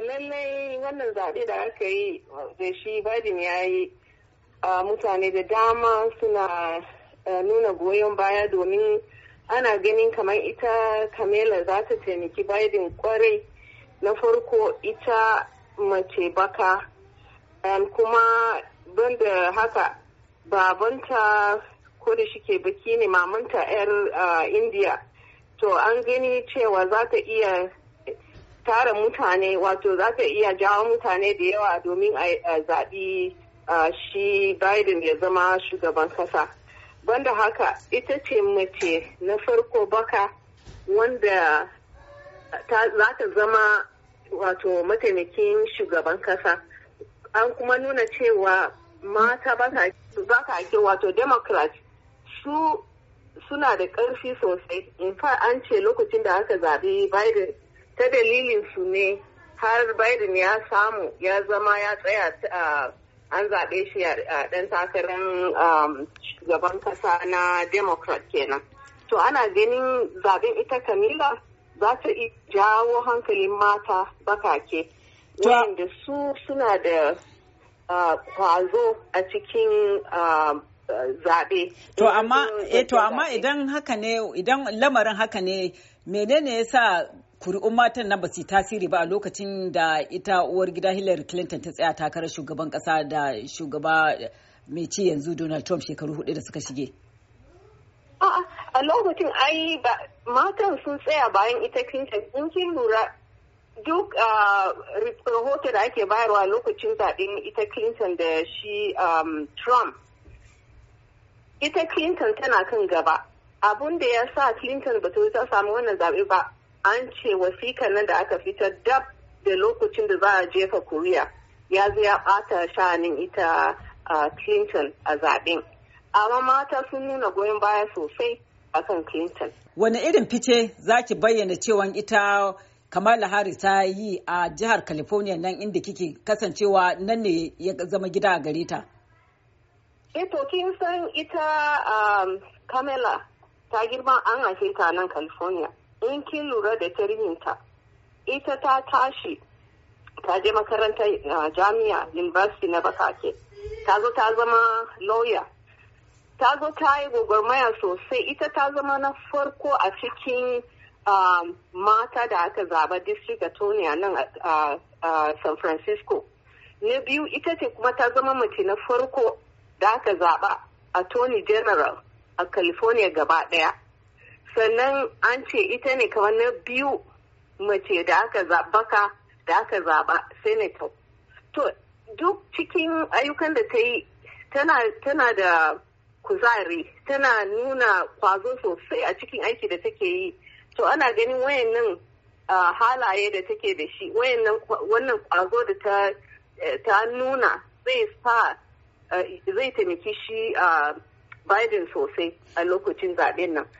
lallai wannan zaɓe da aka yi da shi Biden ya yi mutane da dama suna nuna goyon baya domin ana ganin kamar ita Kamela za ta taimaki Biden kwarai na farko ita mace baka kuma banda haka babanta ko da shike baki ne mamanta 'yar indiya to an gani cewa za ta iya tara mutane wato za ta iya jawo mutane da yawa domin a zaɓi shi Biden ya zama shugaban kasa. Banda haka ita ce mace na farko baka wanda za ta zama wato mataimakin shugaban kasa. An kuma nuna cewa mata ba ta ake wato Democrat su suna da ƙarfi sosai. In fa an ce lokacin da aka zaɓi Biden ta dalilin su ne har Biden ya samu ya zama ya tsaya an zaɓe shi a ɗan takarar um, shugaban ƙasa na Democrat kenan. To ana ganin zaɓen ita Kamila za ta jawo hankalin mata bakake wanda su suna da kwazo a cikin zaɓe. To amma eh, idan haka ne idan lamarin haka ne menene sa. kuri'un matan nan ba su yi tasiri ba a lokacin da ita uwar gida hillary clinton ta tsaya takarar shugaban kasa da shugaba mai ci yanzu donald trump shekaru hudu da suka shige a lokacin ai matan sun tsaya bayan ita clinton in kin lura duk rahoto da ake bayarwa lokacin zaɓen ita clinton da shi um, trump ita clinton tana kan gaba abun da ya sa clinton ba ta samu wannan zaɓe ba an ce wasikan nan da aka fitar dab da lokacin da za a jefa kuriya ya zai ya bata sha'anin ita clinton a zaben amma mata sun nuna goyon baya sosai a kan clinton wani irin fice za ki bayyana cewa ita kamala harris ta yi a jihar california nan inda kike kasancewa nan ne ya zama gida a gare ta eh to kin san ita um, kamala ta girma an haife ta nan california in kin lura da tarihinta ita ta tashi ta je makarantar jami'a university na bakake ta zo ta zama lawyer ta zo ta yi gwagwarmaya sosai ita ta zama na farko a cikin mata da aka zaba district attorney a nan a san francisco na biyu ita ce kuma ta zama mace na farko da aka zaba attorney general a california gaba daya sannan an ce ita ne kamar na biyu mace da aka ka da aka zaba senator to duk cikin ayyukan da ta yi tana da kuzari tana nuna kwazo sosai a cikin aiki da take yi to ana ganin wayannan halaye da take da shi wannan kwazo da ta eh, nuna zai sa eh, zai taimaki shi a Biden sosai a lokacin zaɓen nan.